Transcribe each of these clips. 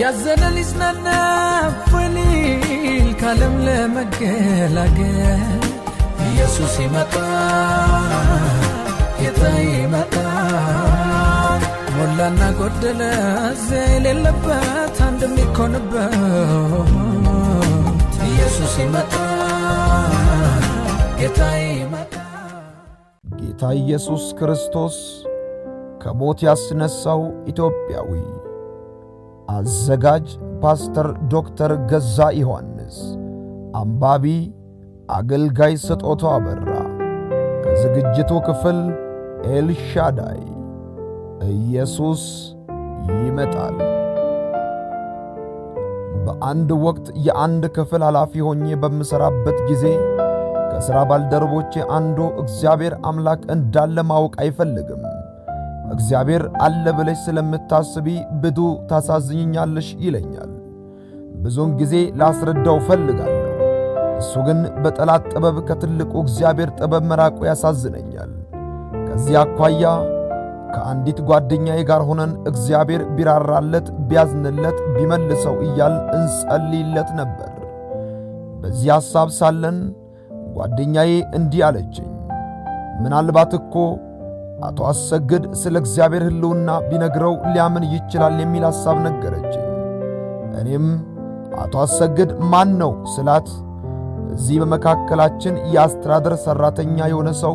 ያዘነ ሊጽናና ፈሊል ካለም ለመገላገል ኢየሱስ ይመጣ፣ ጌታ ይመጣ። ሞላና ጎደለ የሌለበት አንድ የሚኮንበት ኢየሱስ ይመጣ፣ ጌታ ይመጣ። ጌታ ኢየሱስ ክርስቶስ ከሞት ያስነሳው ኢትዮጵያዊ አዘጋጅ ፓስተር ዶክተር ገዛ ዮሐንስ፣ አንባቢ አገልጋይ ስጦቶ አበራ። ከዝግጅቱ ክፍል ኤልሻዳይ ኢየሱስ ይመጣል። በአንድ ወቅት የአንድ ክፍል ኃላፊ ሆኜ በምሠራበት ጊዜ ከሥራ ባልደረቦቼ አንዱ እግዚአብሔር አምላክ እንዳለ ማወቅ አይፈልግም እግዚአብሔር አለ ብለሽ ስለምታስቢ ብዙ ታሳዝኝኛለሽ ይለኛል። ብዙውን ጊዜ ላስረዳው ፈልጋለሁ። እሱ ግን በጠላት ጥበብ ከትልቁ እግዚአብሔር ጥበብ መራቁ ያሳዝነኛል። ከዚህ አኳያ ከአንዲት ጓደኛዬ ጋር ሆነን እግዚአብሔር ቢራራለት፣ ቢያዝንለት፣ ቢመልሰው እያል እንጸልይለት ነበር። በዚህ ሐሳብ ሳለን ጓደኛዬ እንዲህ አለችኝ፣ ምናልባት እኮ አቶ አሰግድ ስለ እግዚአብሔር ሕልውና ቢነግረው ሊያምን ይችላል የሚል ሐሳብ ነገረች። እኔም አቶ አሰግድ ማን ነው ስላት እዚህ በመካከላችን የአስተዳደር ሠራተኛ የሆነ ሰው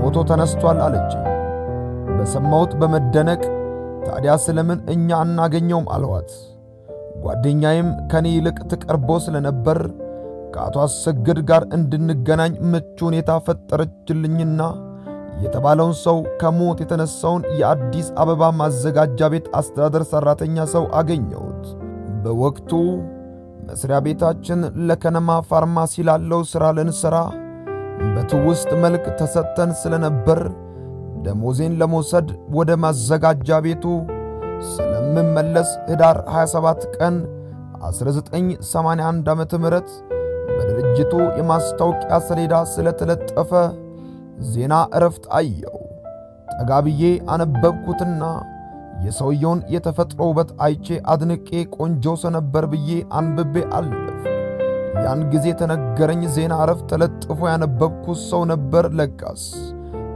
ሞቶ ተነስቷል አለች። በሰማሁት በመደነቅ ታዲያ ስለምን እኛ አናገኘውም አልኋት። ጓደኛዬም ከኔ ይልቅ ትቀርቦ ስለነበር ከአቶ አሰግድ ጋር እንድንገናኝ ምቹ ሁኔታ ፈጠረችልኝና የተባለውን ሰው ከሞት የተነሳውን የአዲስ አበባ ማዘጋጃ ቤት አስተዳደር ሠራተኛ ሰው አገኘሁት። በወቅቱ መስሪያ ቤታችን ለከነማ ፋርማሲ ላለው ሥራ ልንሠራ ውስጥ መልክ ተሰጥተን ስለነበር ደሞዜን ለመውሰድ ወደ ማዘጋጃ ቤቱ ስለምመለስ ኅዳር 27 ቀን 1981 ም በድርጅቱ የማስታወቂያ ሰሌዳ ስለተለጠፈ ዜና እረፍት አየው። ጠጋ ብዬ አነበብኩትና የሰውየውን የተፈጥሮ ውበት አይቼ አድንቄ ቆንጆ ሰነበር ብዬ አንብቤ አለፍ። ያን ጊዜ የተነገረኝ ዜና እረፍት ተለጥፎ ያነበብኩት ሰው ነበር። ለቃስ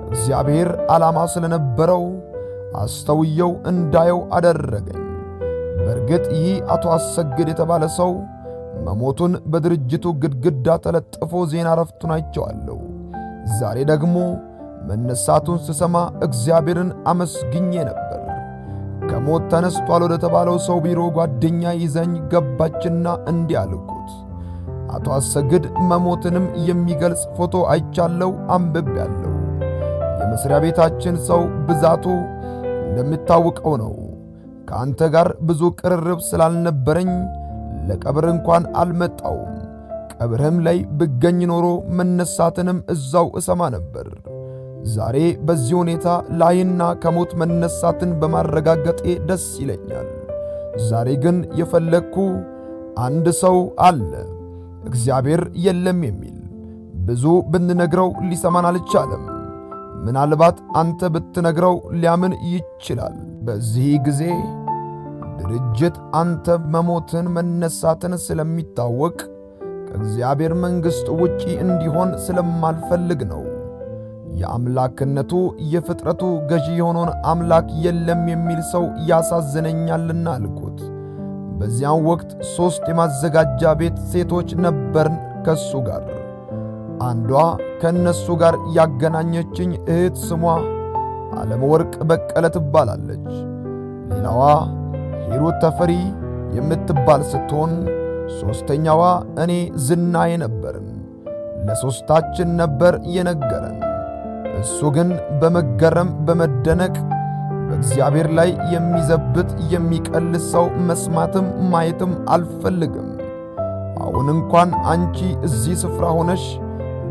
እግዚአብሔር ዓላማ ስለነበረው አስተውየው እንዳየው አደረገኝ። በእርግጥ ይህ አቶ አሰግድ የተባለ ሰው መሞቱን በድርጅቱ ግድግዳ ተለጥፎ ዜና እረፍቱን አይቼዋለሁ። ዛሬ ደግሞ መነሳቱን ስሰማ እግዚአብሔርን አመስግኜ ነበር። ከሞት ተነስቷል ወደ ተባለው ሰው ቢሮ ጓደኛ ይዘኝ ገባችና እንዲህ አልኩት፣ አቶ አሰግድ መሞትንም የሚገልጽ ፎቶ አይቻለው፣ አንብብ ያለው የመሥሪያ ቤታችን ሰው ብዛቱ እንደምታውቀው ነው። ከአንተ ጋር ብዙ ቅርርብ ስላልነበረኝ ለቀብር እንኳን አልመጣውም። ቀብርህም ላይ ብገኝ ኖሮ መነሳትንም እዛው እሰማ ነበር። ዛሬ በዚህ ሁኔታ ላይና ከሞት መነሳትን በማረጋገጤ ደስ ይለኛል። ዛሬ ግን የፈለግኩ አንድ ሰው አለ እግዚአብሔር የለም የሚል ብዙ ብንነግረው ሊሰማን አልቻለም። ምናልባት አንተ ብትነግረው ሊያምን ይችላል። በዚህ ጊዜ ድርጅት አንተ መሞትን መነሳትን ስለሚታወቅ ከእግዚአብሔር መንግሥት ውጪ እንዲሆን ስለማልፈልግ ነው። የአምላክነቱ የፍጥረቱ ገዢ የሆነውን አምላክ የለም የሚል ሰው ያሳዝነኛልና አልኩት። በዚያም ወቅት ሦስት የማዘጋጃ ቤት ሴቶች ነበርን ከሱ ጋር። አንዷ ከእነሱ ጋር ያገናኘችኝ እህት ስሟ ወርቅ በቀለ ትባላለች። ሌላዋ ሂሩት ተፈሪ የምትባል ስትሆን ሦስተኛዋ እኔ ዝናዬ ነበርን። ለሦስታችን ነበር የነገረን። እሱ ግን በመገረም በመደነቅ በእግዚአብሔር ላይ የሚዘብት የሚቀልስ ሰው መስማትም ማየትም አልፈልግም። አሁን እንኳን አንቺ እዚህ ስፍራ ሆነሽ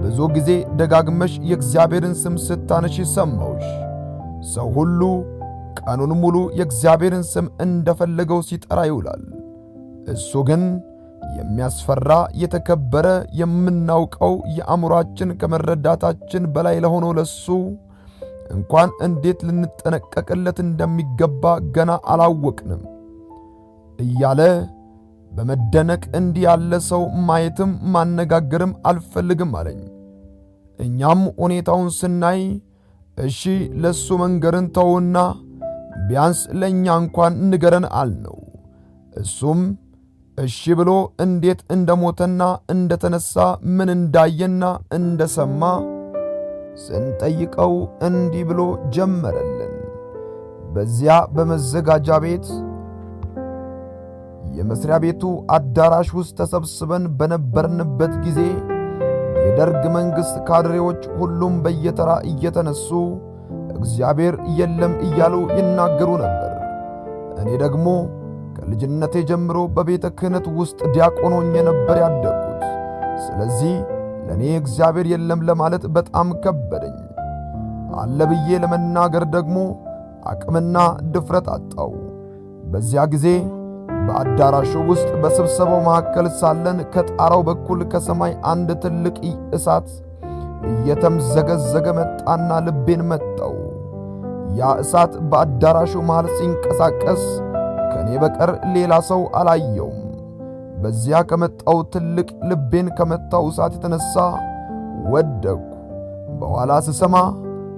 ብዙ ጊዜ ደጋግመሽ የእግዚአብሔርን ስም ስታነሽ ሰማሁሽ። ሰው ሁሉ ቀኑን ሙሉ የእግዚአብሔርን ስም እንደፈለገው ሲጠራ ይውላል። እሱ ግን የሚያስፈራ የተከበረ የምናውቀው የአእምሯችን ከመረዳታችን በላይ ለሆነው ለሱ እንኳን እንዴት ልንጠነቀቅለት እንደሚገባ ገና አላወቅንም እያለ በመደነቅ እንዲህ ያለ ሰው ማየትም ማነጋገርም አልፈልግም አለኝ። እኛም ሁኔታውን ስናይ እሺ ለሱ መንገርን ተውና ቢያንስ ለእኛ እንኳን ንገረን አልነው። እሱም እሺ ብሎ እንዴት እንደሞተና እንደተነሳ ምን እንዳየና እንደሰማ ስንጠይቀው እንዲህ ብሎ ጀመረልን። በዚያ በመዘጋጃ ቤት የመስሪያ ቤቱ አዳራሽ ውስጥ ተሰብስበን በነበርንበት ጊዜ የደርግ መንግሥት ካድሬዎች ሁሉም በየተራ እየተነሱ እግዚአብሔር የለም እያሉ ይናገሩ ነበር። እኔ ደግሞ ከልጅነቴ ጀምሮ በቤተ ክህነት ውስጥ ዲያቆን ሆኜ ነበር ያደግኩት። ስለዚህ ለእኔ እግዚአብሔር የለም ለማለት በጣም ከበደኝ። አለ ብዬ ለመናገር ደግሞ አቅምና ድፍረት አጣው። በዚያ ጊዜ በአዳራሹ ውስጥ በስብሰባው መካከል ሳለን ከጣራው በኩል ከሰማይ አንድ ትልቅ እሳት እየተምዘገዘገ መጣና ልቤን መጠው። ያ እሳት በአዳራሹ መሃል ሲንቀሳቀስ ከእኔ በቀር ሌላ ሰው አላየውም። በዚያ ከመጣው ትልቅ ልቤን ከመታው እሳት የተነሳ ወደቅሁ። በኋላ ስሰማ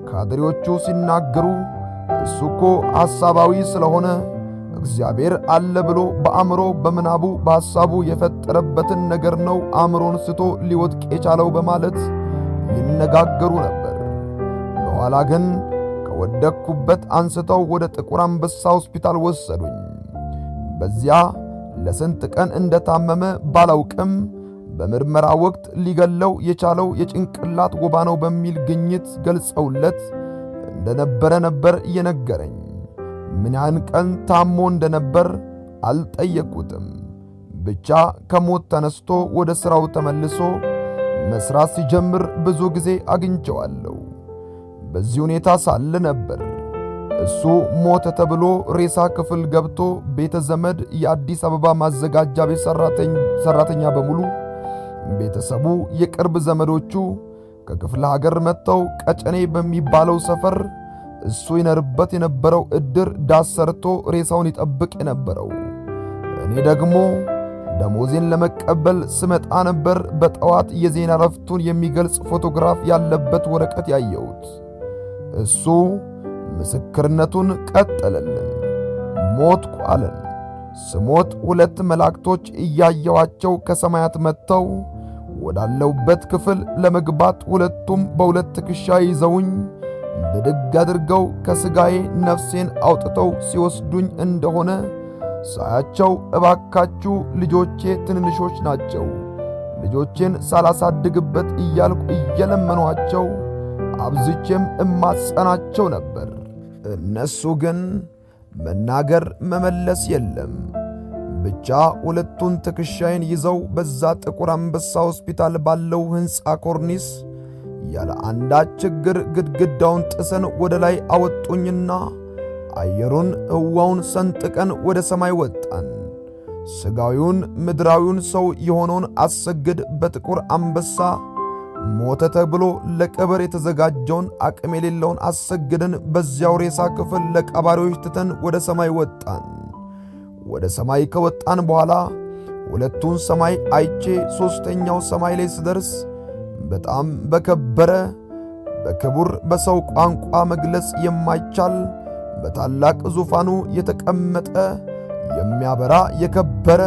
ካድሬዎቹ ሲናገሩ እሱ እኮ ሐሳባዊ ስለሆነ እግዚአብሔር አለ ብሎ በአእምሮ በምናቡ በሐሳቡ የፈጠረበትን ነገር ነው አእምሮን ስቶ ሊወድቅ የቻለው በማለት ይነጋገሩ ነበር። በኋላ ግን ከወደቅኩበት አንስተው ወደ ጥቁር አንበሳ ሆስፒታል ወሰዱኝ። በዚያ ለስንት ቀን እንደታመመ ባላውቅም በምርመራ ወቅት ሊገለው የቻለው የጭንቅላት ወባ ነው በሚል ግኝት ገልጸውለት እንደነበረ ነበር እየነገረኝ። ምን ያን ቀን ታሞ እንደነበር አልጠየቁትም። ብቻ ከሞት ተነስቶ ወደ ሥራው ተመልሶ መሥራት ሲጀምር ብዙ ጊዜ አግኝቸዋለሁ። በዚህ ሁኔታ ሳለ ነበር እሱ ሞተ ተብሎ ሬሳ ክፍል ገብቶ ቤተ ዘመድ የአዲስ አበባ ማዘጋጃ ቤት ሰራተኛ በሙሉ ቤተሰቡ፣ የቅርብ ዘመዶቹ ከክፍለ ሀገር መጥተው ቀጨኔ በሚባለው ሰፈር እሱ ይኖርበት የነበረው እድር ዳስ ሰርቶ ሬሳውን ይጠብቅ የነበረው። እኔ ደግሞ ደሞዜን ለመቀበል ስመጣ ነበር በጠዋት የዜና ረፍቱን የሚገልጽ ፎቶግራፍ ያለበት ወረቀት ያየሁት እሱ ምስክርነቱን ቀጠለልን። ሞትኩ አለን። ስሞት ሁለት መላእክቶች እያየዋቸው ከሰማያት መጥተው ወዳለውበት ክፍል ለመግባት ሁለቱም በሁለት ትከሻ ይዘውኝ ብድግ አድርገው ከሥጋዬ ነፍሴን አውጥተው ሲወስዱኝ እንደሆነ ሳያቸው፣ እባካችሁ ልጆቼ ትንንሾች ናቸው፣ ልጆቼን ሳላሳድግበት እያልኩ እየለመኗቸው አብዝቼም እማጸናቸው ነበር። እነሱ ግን መናገር መመለስ የለም። ብቻ ሁለቱን ትከሻዬን ይዘው በዛ ጥቁር አንበሳ ሆስፒታል ባለው ሕንፃ ኮርኒስ ያለ አንዳች ችግር ግድግዳውን ጥሰን ወደ ላይ አወጡኝና አየሩን ሕዋውን ሰንጥቀን ወደ ሰማይ ወጣን። ሥጋዊውን ምድራዊውን ሰው የሆነውን አሰግድ በጥቁር አንበሳ ሞተ ተብሎ ለቀበር የተዘጋጀውን አቅም የሌለውን አሰግደን በዚያው ሬሳ ክፍል ለቀባሪዎች ትተን ወደ ሰማይ ወጣን። ወደ ሰማይ ከወጣን በኋላ ሁለቱን ሰማይ አይቼ ሦስተኛው ሰማይ ላይ ስደርስ በጣም በከበረ በክቡር በሰው ቋንቋ መግለጽ የማይቻል በታላቅ ዙፋኑ የተቀመጠ የሚያበራ የከበረ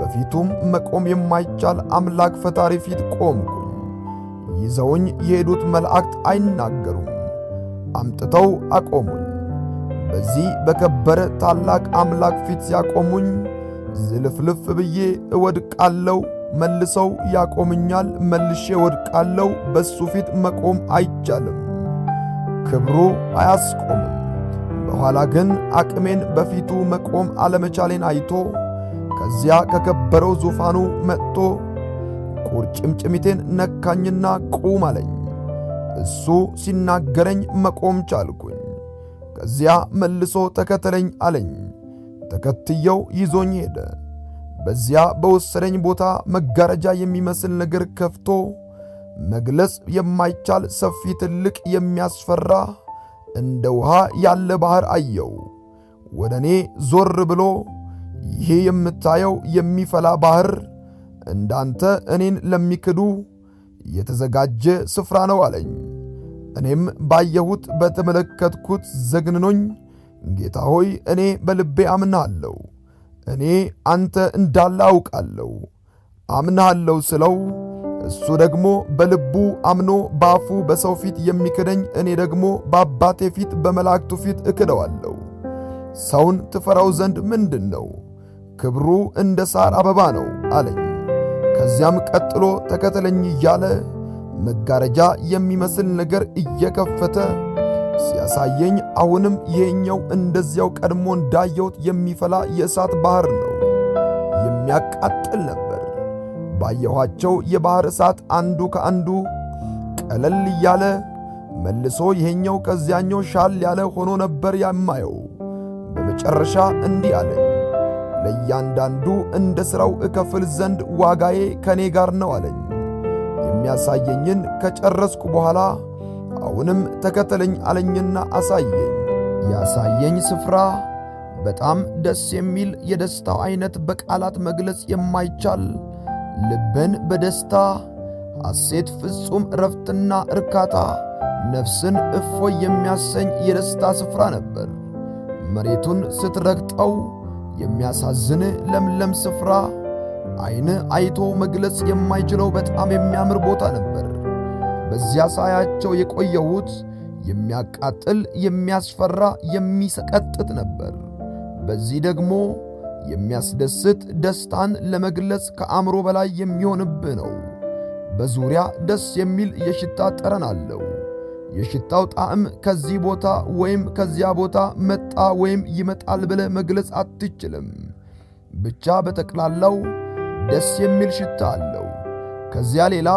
በፊቱም መቆም የማይቻል አምላክ ፈጣሪ ፊት ቆምኩ። ይዘውኝ የሄዱት መላእክት አይናገሩም። አምጥተው አቆሙኝ። በዚህ በከበረ ታላቅ አምላክ ፊት ያቆሙኝ ዝልፍልፍ ብዬ እወድቃለሁ። መልሰው ያቆምኛል። መልሼ እወድቃለሁ። በሱ ፊት መቆም አይቻልም። ክብሩ አያስቆምም። በኋላ ግን አቅሜን በፊቱ መቆም አለመቻሌን አይቶ ከዚያ ከከበረው ዙፋኑ መጥቶ ቁርጭምጭሚቴን ነካኝና ቁም አለኝ። እሱ ሲናገረኝ መቆም ቻልኩኝ። ከዚያ መልሶ ተከተለኝ አለኝ። ተከትየው ይዞኝ ሄደ። በዚያ በወሰደኝ ቦታ መጋረጃ የሚመስል ነገር ከፍቶ መግለጽ የማይቻል ሰፊ ትልቅ የሚያስፈራ እንደ ውሃ ያለ ባህር አየው። ወደ እኔ ዞር ብሎ ይሄ የምታየው የሚፈላ ባህር እንዳንተ እኔን ለሚክዱ የተዘጋጀ ስፍራ ነው አለኝ። እኔም ባየሁት በተመለከትኩት ዘግንኖኝ፣ ጌታ ሆይ እኔ በልቤ አምናለሁ፣ እኔ አንተ እንዳለ አውቃለሁ አምናለሁ ስለው እሱ ደግሞ በልቡ አምኖ በአፉ በሰው ፊት የሚክደኝ እኔ ደግሞ በአባቴ ፊት በመላእክቱ ፊት እክደዋለሁ። ሰውን ትፈራው ዘንድ ምንድን ነው? ክብሩ እንደ ሳር አበባ ነው አለኝ። ከዚያም ቀጥሎ ተከተለኝ እያለ መጋረጃ የሚመስል ነገር እየከፈተ ሲያሳየኝ አሁንም ይሄኛው እንደዚያው ቀድሞ እንዳየሁት የሚፈላ የእሳት ባህር ነው። የሚያቃጥል ነበር። ባየኋቸው የባህር እሳት አንዱ ከአንዱ ቀለል እያለ መልሶ ይሄኛው ከዚያኛው ሻል ያለ ሆኖ ነበር የማየው። በመጨረሻ እንዲህ አለ። ለእያንዳንዱ እንደ ሥራው እከፍል ዘንድ ዋጋዬ ከእኔ ጋር ነው አለኝ። የሚያሳየኝን ከጨረስኩ በኋላ አሁንም ተከተለኝ አለኝና አሳየኝ። ያሳየኝ ስፍራ በጣም ደስ የሚል የደስታው ዐይነት በቃላት መግለጽ የማይቻል ልብን በደስታ ሐሴት፣ ፍጹም እረፍትና እርካታ፣ ነፍስን እፎይ የሚያሰኝ የደስታ ስፍራ ነበር። መሬቱን ስትረግጠው የሚያሳዝን ለምለም ስፍራ ዓይን አይቶ መግለጽ የማይችለው በጣም የሚያምር ቦታ ነበር። በዚያ ሳያቸው የቆየሁት የሚያቃጥል፣ የሚያስፈራ፣ የሚሰቀጥጥ ነበር። በዚህ ደግሞ የሚያስደስት ደስታን ለመግለጽ ከአእምሮ በላይ የሚሆንብህ ነው። በዙሪያ ደስ የሚል የሽታ ጠረን አለው። የሽታው ጣዕም ከዚህ ቦታ ወይም ከዚያ ቦታ መጣ ወይም ይመጣል ብለ መግለጽ አትችልም። ብቻ በጠቅላላው ደስ የሚል ሽታ አለው። ከዚያ ሌላ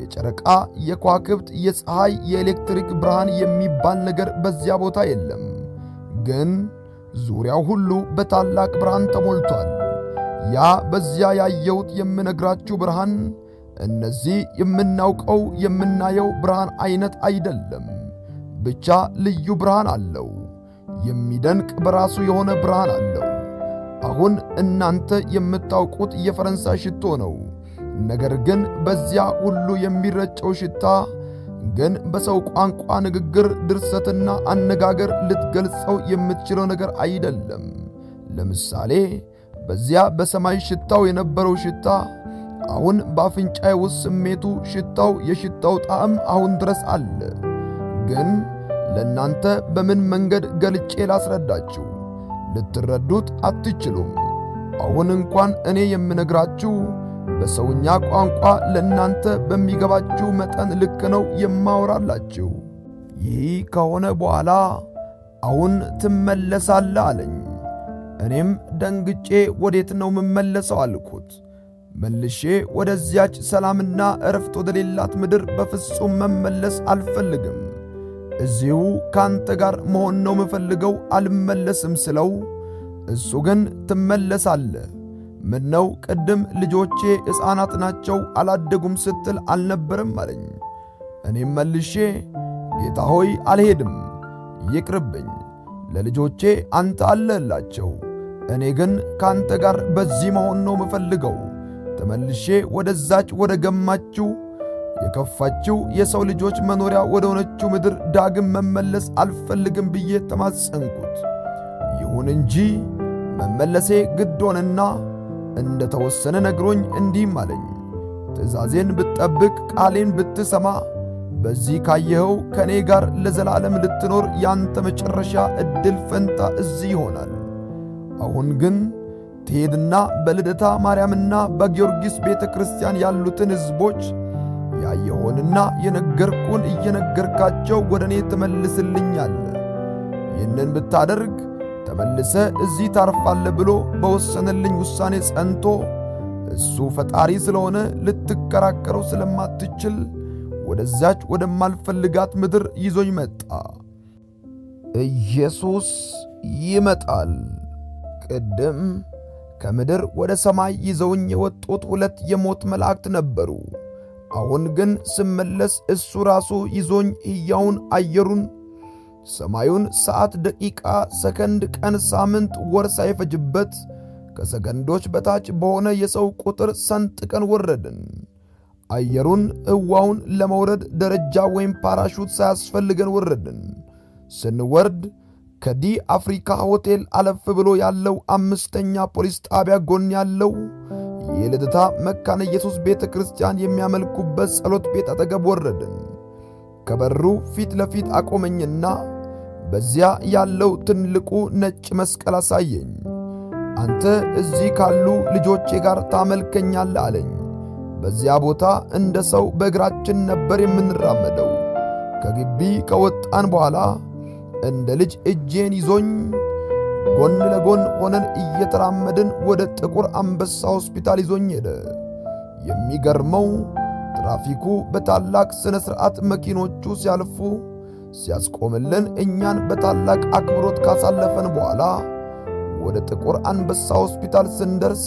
የጨረቃ፣ የኳክብት፣ የፀሐይ፣ የኤሌክትሪክ ብርሃን የሚባል ነገር በዚያ ቦታ የለም። ግን ዙሪያው ሁሉ በታላቅ ብርሃን ተሞልቷል። ያ በዚያ ያየሁት የምነግራችሁ ብርሃን እነዚህ የምናውቀው የምናየው ብርሃን አይነት አይደለም፣ ብቻ ልዩ ብርሃን አለው። የሚደንቅ በራሱ የሆነ ብርሃን አለው። አሁን እናንተ የምታውቁት የፈረንሳይ ሽቶ ነው። ነገር ግን በዚያ ሁሉ የሚረጨው ሽታ ግን በሰው ቋንቋ ንግግር፣ ድርሰትና አነጋገር ልትገልጸው የምትችለው ነገር አይደለም። ለምሳሌ በዚያ በሰማይ ሽታው የነበረው ሽታ አሁን በአፍንጫዬ ውስጥ ስሜቱ፣ ሽታው፣ የሽታው ጣዕም አሁን ድረስ አለ። ግን ለእናንተ በምን መንገድ ገልጬ ላስረዳችሁ ልትረዱት አትችሉም። አሁን እንኳን እኔ የምነግራችሁ በሰውኛ ቋንቋ ለእናንተ በሚገባችሁ መጠን ልክ ነው የማወራላችሁ። ይህ ከሆነ በኋላ አሁን ትመለሳለህ አለኝ። እኔም ደንግጬ ወዴት ነው የምመለሰው አልኩት። መልሼ ወደዚያች ሰላምና እረፍት ወደሌላት ምድር በፍጹም መመለስ አልፈልግም። እዚሁ ካንተ ጋር መሆን ነው ምፈልገው፣ አልመለስም ስለው እሱ ግን ትመለሳለህ፣ ምን ነው ቅድም ልጆቼ ሕፃናት ናቸው አላደጉም ስትል አልነበርም አለኝ። እኔም መልሼ ጌታ ሆይ አልሄድም፣ ይቅርብኝ፣ ለልጆቼ አንተ አለህላቸው፣ እኔ ግን ካንተ ጋር በዚህ መሆን ነው ምፈልገው ተመልሼ ወደዛች ወደ ገማችው የከፋችው የሰው ልጆች መኖሪያ ወደ ሆነችው ምድር ዳግም መመለስ አልፈልግም ብዬ ተማጸንኩት። ይሁን እንጂ መመለሴ ግድ ሆነና እንደ ተወሰነ ነግሮኝ እንዲህም አለኝ፣ ትእዛዜን ብትጠብቅ፣ ቃሌን ብትሰማ፣ በዚህ ካየኸው ከእኔ ጋር ለዘላለም ልትኖር ያንተ መጨረሻ ዕድል ፈንታ እዚህ ይሆናል። አሁን ግን ትሄድና በልደታ ማርያምና በጊዮርጊስ ቤተ ክርስቲያን ያሉትን ሕዝቦች ያየሆንና የነገርኩን እየነገርካቸው ወደ እኔ ትመልስልኛል። ይህንን ብታደርግ ተመልሰ እዚህ ታርፋለ ብሎ በወሰነልኝ ውሳኔ ጸንቶ እሱ ፈጣሪ ስለሆነ ልትከራከረው ስለማትችል ወደዚያች ወደማልፈልጋት ምድር ይዞኝ መጣ። ኢየሱስ ይመጣል። ቅድም ከምድር ወደ ሰማይ ይዘውኝ የወጡት ሁለት የሞት መላእክት ነበሩ። አሁን ግን ስመለስ እሱ ራሱ ይዞኝ ሕያውን አየሩን፣ ሰማዩን ሰዓት፣ ደቂቃ፣ ሰከንድ፣ ቀን፣ ሳምንት፣ ወር ሳይፈጅበት ከሰከንዶች በታች በሆነ የሰው ቁጥር ሰንጥቀን ወረድን። አየሩን ሕዋውን ለመውረድ ደረጃ ወይም ፓራሹት ሳያስፈልገን ወረድን። ስንወርድ ከዲ አፍሪካ ሆቴል አለፍ ብሎ ያለው አምስተኛ ፖሊስ ጣቢያ ጎን ያለው የልደታ መካነ ኢየሱስ ቤተ ክርስቲያን የሚያመልኩበት ጸሎት ቤት አጠገብ ወረድን። ከበሩ ፊት ለፊት አቆመኝና በዚያ ያለው ትልቁ ነጭ መስቀል አሳየኝ። አንተ እዚህ ካሉ ልጆቼ ጋር ታመልከኛል አለኝ። በዚያ ቦታ እንደ ሰው በእግራችን ነበር የምንራመደው። ከግቢ ከወጣን በኋላ እንደ ልጅ እጄን ይዞኝ ጎን ለጎን ሆነን እየተራመድን ወደ ጥቁር አንበሳ ሆስፒታል ይዞኝ ሄደ። የሚገርመው ትራፊኩ በታላቅ ሥነ ሥርዓት መኪኖቹ ሲያልፉ ሲያስቆምልን እኛን በታላቅ አክብሮት ካሳለፈን በኋላ ወደ ጥቁር አንበሳ ሆስፒታል ስንደርስ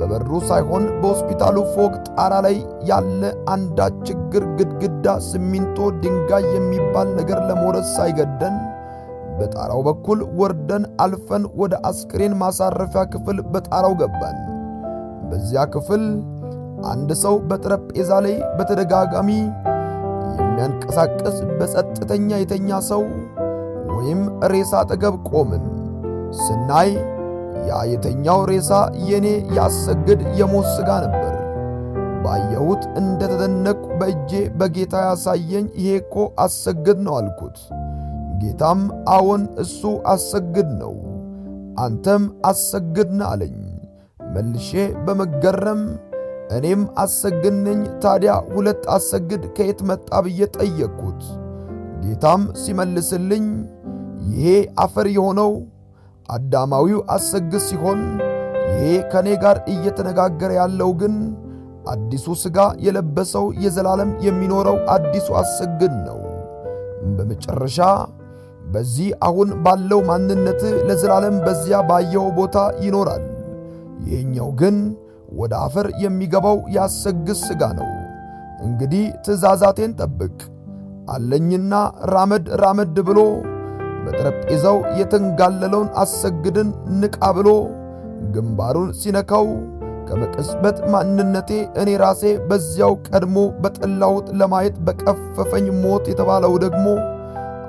በበሩ ሳይሆን በሆስፒታሉ ፎቅ ጣራ ላይ ያለ አንዳች ችግር ግድግዳ፣ ሲሚንቶ፣ ድንጋይ የሚባል ነገር ለመውረስ ሳይገደን በጣራው በኩል ወርደን አልፈን ወደ አስክሬን ማሳረፊያ ክፍል በጣራው ገባን። በዚያ ክፍል አንድ ሰው በጠረጴዛ ላይ በተደጋጋሚ የሚያንቀሳቀስ በጸጥተኛ የተኛ ሰው ወይም ሬሳ አጠገብ ቆምን። ስናይ ያ የተኛው ሬሳ የኔ ያሰግድ የሞት ሥጋ ነበር። ባየሁት እንደተደነቅኩ በእጄ በጌታ ያሳየኝ ይሄ እኮ አሰግድ ነው አልኩት። ጌታም አዎን እሱ አሰግድ ነው፣ አንተም አሰግድን አለኝ። መልሼ በመገረም እኔም አሰግድ ነኝ፣ ታዲያ ሁለት አሰግድ ከየት መጣ ብዬ ጠየቅኩት። ጌታም ሲመልስልኝ ይሄ አፈር የሆነው አዳማዊው አሰግድ ሲሆን ይሄ ከእኔ ጋር እየተነጋገረ ያለው ግን አዲሱ ሥጋ የለበሰው የዘላለም የሚኖረው አዲሱ አሰግድ ነው። በመጨረሻ በዚህ አሁን ባለው ማንነት ለዘላለም በዚያ ባየው ቦታ ይኖራል። ይህኛው ግን ወደ አፈር የሚገባው ያሰግስ ሥጋ ነው። እንግዲህ ትእዛዛቴን ጠብቅ አለኝና ራመድ ራመድ ብሎ በጠረጴዛው የተንጋለለውን አሰግድን ንቃ ብሎ ግንባሩን ሲነካው ከመቅጽበት ማንነቴ እኔ ራሴ በዚያው ቀድሞ በጠላሁት ለማየት በቀፈፈኝ ሞት የተባለው ደግሞ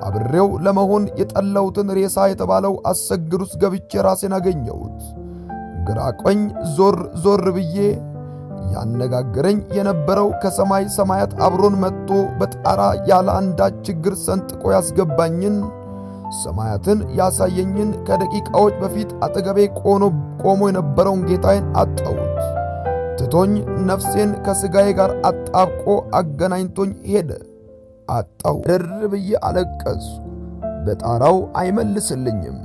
አብሬው ለመሆን የጠላሁትን ሬሳ የተባለው አሰግድ ውስጥ ገብቼ ራሴን አገኘሁት። ግራ ቀኝ ዞር ዞር ብዬ ያነጋገረኝ የነበረው ከሰማይ ሰማያት አብሮን መጥቶ በጣራ ያለ አንዳች ችግር ሰንጥቆ ያስገባኝን ሰማያትን ያሳየኝን ከደቂቃዎች በፊት አጠገቤ ቆሞ የነበረውን ጌታዬን አጣሁት። ትቶኝ ነፍሴን ከሥጋዬ ጋር አጣብቆ አገናኝቶኝ ሄደ። አጣው። ድር ብዬ አለቀሱ። በጣራው አይመልስልኝም።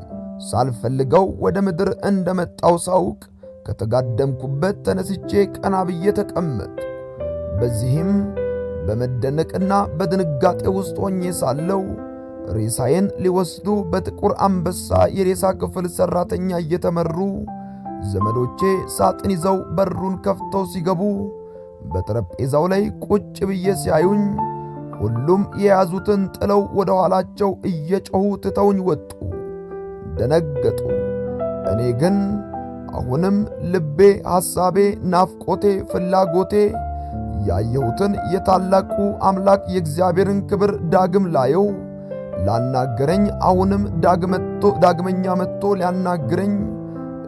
ሳልፈልገው ወደ ምድር እንደመጣው ሳውቅ ከተጋደምኩበት ተነስቼ ቀና ብዬ ተቀመጥ። በዚህም በመደነቅና በድንጋጤ ውስጥ ሆኜ ሳለው ሬሳዬን ሊወስዱ በጥቁር አንበሳ የሬሳ ክፍል ሠራተኛ እየተመሩ ዘመዶቼ ሳጥን ይዘው በሩን ከፍተው ሲገቡ በጠረጴዛው ላይ ቁጭ ብዬ ሲያዩኝ ሁሉም የያዙትን ጥለው ወደ ኋላቸው እየጮኹ ትተውኝ ወጡ። ደነገጡ። እኔ ግን አሁንም ልቤ፣ ሐሳቤ፣ ናፍቆቴ፣ ፍላጎቴ ያየሁትን የታላቁ አምላክ የእግዚአብሔርን ክብር ዳግም ላየው ላናገረኝ አሁንም ዳግመኛ መጥቶ ሊያናግረኝ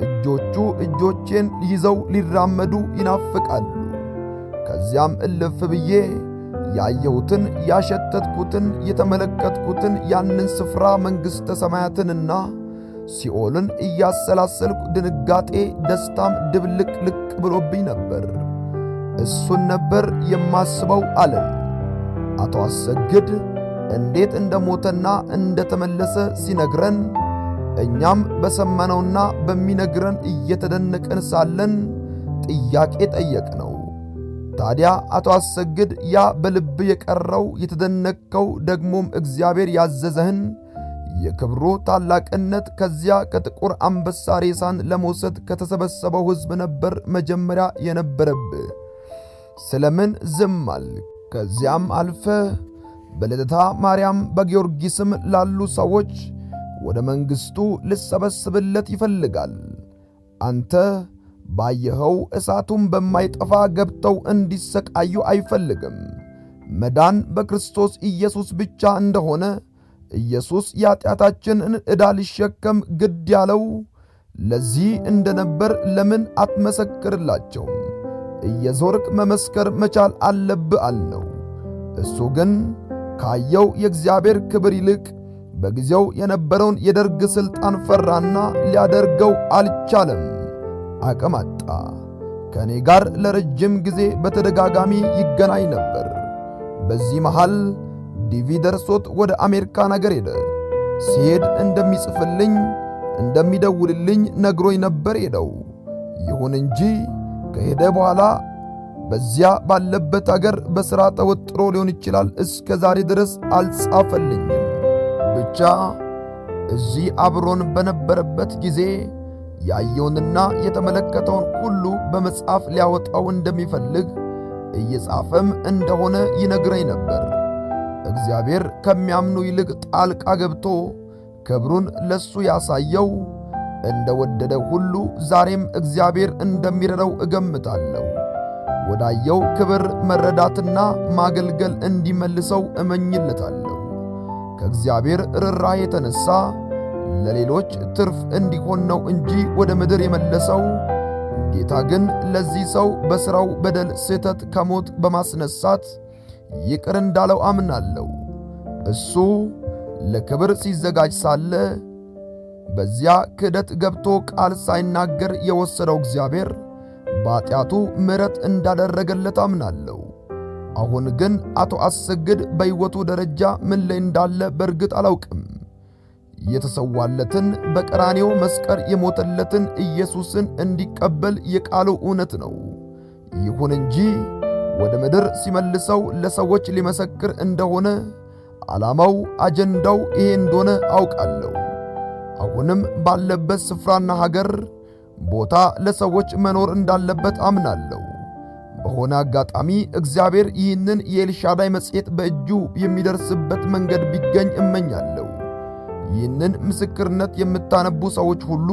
እጆቹ እጆቼን ይዘው ሊራመዱ ይናፍቃሉ። ከዚያም እልፍ ብዬ ያየሁትን ያሸተትኩትን የተመለከትኩትን ያንን ስፍራ መንግሥተ ሰማያትንና ሲኦልን እያሰላሰልኩ ድንጋጤ ደስታም ድብልቅ ልቅ ብሎብኝ ነበር። እሱን ነበር የማስበው አለን አቶ አሰግድ እንዴት እንደሞተና እንደተመለሰ ሲነግረን እኛም በሰማነውና በሚነግረን እየተደነቀን ሳለን ጥያቄ ጠየቅነው። ታዲያ አቶ አሰግድ ያ በልብ የቀረው የተደነቀው ደግሞም እግዚአብሔር ያዘዘህን የክብሩ ታላቅነት ከዚያ ከጥቁር አንበሳ ሬሳን ለመውሰድ ከተሰበሰበው ሕዝብ ነበር መጀመሪያ የነበረብህ። ስለምን ዝም አልክ? ከዚያም አልፈ በልደታ ማርያም በጊዮርጊስም ላሉ ሰዎች ወደ መንግሥቱ ልሰበስብለት ይፈልጋል አንተ ባየኸው እሳቱም በማይጠፋ ገብተው እንዲሰቃዩ አይፈልግም። መዳን በክርስቶስ ኢየሱስ ብቻ እንደሆነ ኢየሱስ የኀጢአታችንን ዕዳ ሊሸከም ግድ ያለው ለዚህ እንደነበር ለምን አትመሰክርላቸው? እየዞርክ መመስከር መቻል አለብህ አልነው። እሱ ግን ካየው የእግዚአብሔር ክብር ይልቅ በጊዜው የነበረውን የደርግ ሥልጣን ፈራና ሊያደርገው አልቻለም። አቅም አጣ። ከእኔ ጋር ለረጅም ጊዜ በተደጋጋሚ ይገናኝ ነበር። በዚህ መሃል ዲቪ ደርሶት ወደ አሜሪካ ነገር ሄደ። ሲሄድ እንደሚጽፍልኝ እንደሚደውልልኝ ነግሮኝ ነበር ሄደው። ይሁን እንጂ ከሄደ በኋላ በዚያ ባለበት አገር በሥራ ተወጥሮ ሊሆን ይችላል እስከ ዛሬ ድረስ አልጻፈልኝም። ብቻ እዚህ አብሮን በነበረበት ጊዜ ያየውንና የተመለከተውን ሁሉ በመጽሐፍ ሊያወጣው እንደሚፈልግ እየጻፈም እንደሆነ ይነግረኝ ነበር። እግዚአብሔር ከሚያምኑ ይልቅ ጣልቃ ገብቶ ክብሩን ለሱ ያሳየው እንደ ወደደ ሁሉ ዛሬም እግዚአብሔር እንደሚረዳው እገምታለሁ። ወዳየው ክብር መረዳትና ማገልገል እንዲመልሰው እመኝለታለሁ። ከእግዚአብሔር ርኅራኄ የተነሣ ለሌሎች ትርፍ እንዲሆን ነው እንጂ ወደ ምድር የመለሰው። ጌታ ግን ለዚህ ሰው በሥራው በደል ስህተት ከሞት በማስነሳት ይቅር እንዳለው አምናለሁ። እሱ ለክብር ሲዘጋጅ ሳለ በዚያ ክህደት ገብቶ ቃል ሳይናገር የወሰደው እግዚአብሔር በኃጢአቱ ምሕረት እንዳደረገለት አምናለሁ። አሁን ግን አቶ አሰግድ በሕይወቱ ደረጃ ምን ላይ እንዳለ በእርግጥ አላውቅም። የተሰዋለትን በቀራኔው መስቀል የሞተለትን ኢየሱስን እንዲቀበል የቃሉ እውነት ነው። ይሁን እንጂ ወደ ምድር ሲመልሰው ለሰዎች ሊመሰክር እንደሆነ ዓላማው፣ አጀንዳው ይሄ እንደሆነ አውቃለሁ። አሁንም ባለበት ስፍራና ሀገር ቦታ ለሰዎች መኖር እንዳለበት አምናለሁ። በሆነ አጋጣሚ እግዚአብሔር ይህንን የኤልሻዳይ መጽሔት በእጁ የሚደርስበት መንገድ ቢገኝ እመኛለሁ። ይህንን ምስክርነት የምታነቡ ሰዎች ሁሉ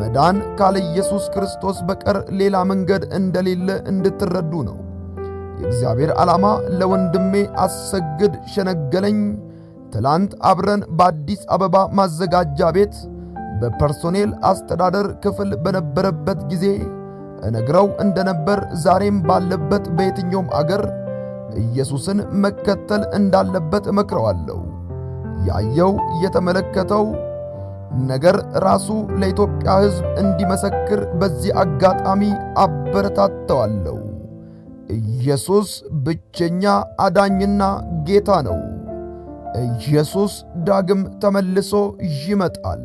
መዳን ካለ ኢየሱስ ክርስቶስ በቀር ሌላ መንገድ እንደሌለ እንድትረዱ ነው። የእግዚአብሔር ዓላማ ለወንድሜ አሰግድ ሸነገለኝ ትላንት አብረን በአዲስ አበባ ማዘጋጃ ቤት በፐርሶኔል አስተዳደር ክፍል በነበረበት ጊዜ እነግረው እንደነበር ዛሬም ባለበት በየትኛውም አገር ኢየሱስን መከተል እንዳለበት እመክረዋለሁ። ያየው የተመለከተው ነገር ራሱ ለኢትዮጵያ ሕዝብ እንዲመሰክር በዚህ አጋጣሚ አበረታተዋለሁ። ኢየሱስ ብቸኛ አዳኝና ጌታ ነው። ኢየሱስ ዳግም ተመልሶ ይመጣል።